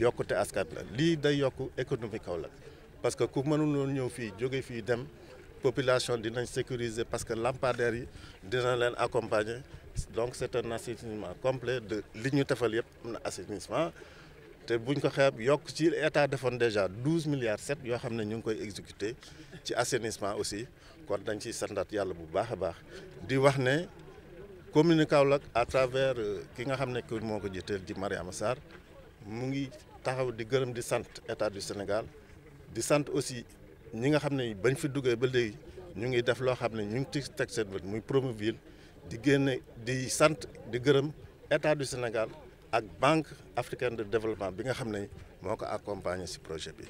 yokkute askan la lii day yokku économie Kaolack parce que ku mënuloon ñëw fii jóge fii dem population dinañ sécuriser parce que lampadaires yi dina leen accompagner donc c'est un assainissement complet de li ñu tefal yëpp am na assainissement te buñ ko xeeb yokk ci état defoon déjà douze milliards sept yoo xam ne ñu ngi koy exécuter ci assainissement aussi kon dañ ciy santaat yàlla bu baax a baax di wax ne commune Kaolack à travers euh, ki nga xam ne kër moo ko jiiteel di Mariama Sarr mu ngi taxaw di gërëm di sant état du Sénégal di sant aussi ñi nga xam ne bañ fi duggee ba léegi ñu ngi def loo xam ne ñu ngi ci teg seen bët muy Promoville di génne di sant di gërëm état du Sénégal ak banque africaine de développement bi nga xam ne moo ko accompagner ci projet bi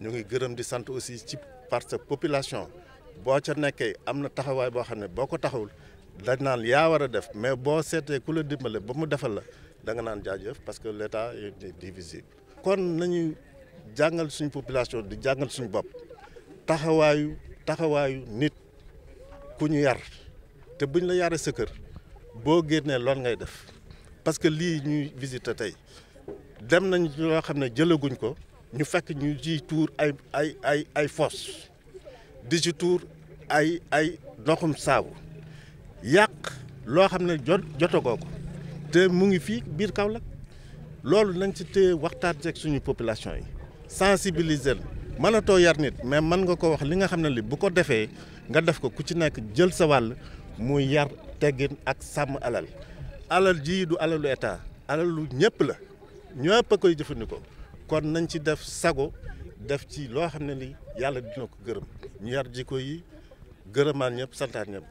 ñu ngi gërëm di sant aussi ci parce que population boo ca nekkee am na taxawaay boo xam ne boo ko taxawul dañ naan yaa war a def mais boo seetee ku la dimbale ba mu defal la da nga naan parce que l'État est divisible. kon nañu jàngal suñ population di jàngal suñ bopp taxawaayu taxawaayu nit ku yar te buñ la yaree sa kër bo génnee lool ngay def parce que li ñuy visiter tay dem nañ loo xam ne jëlaguñ ko ñu fekk ñu ji tour ay ay ay ay fosse di ci tuur ay ay doxum saabu yaq lo xamné jot jotagoo ko. te mu ngi fii biir Kaolack loolu nañ ci téye waxtaan ak suñu population yi sensibiliser mënatoo yar nit mais mën nga ko wax li nga xam ne li bu ko defee nga def ko ku ci nekk jël sa wàll muy yar teggin ak sàmm alal alal ji du alalu état alalu ñëpp la ñëpp a koy jëfandikoo kon nañ ci def sago def ci loo xam ne li yàlla dina ko gërëm ñu yar jikko yi gërëmaat ñëpp santaat ñëpp.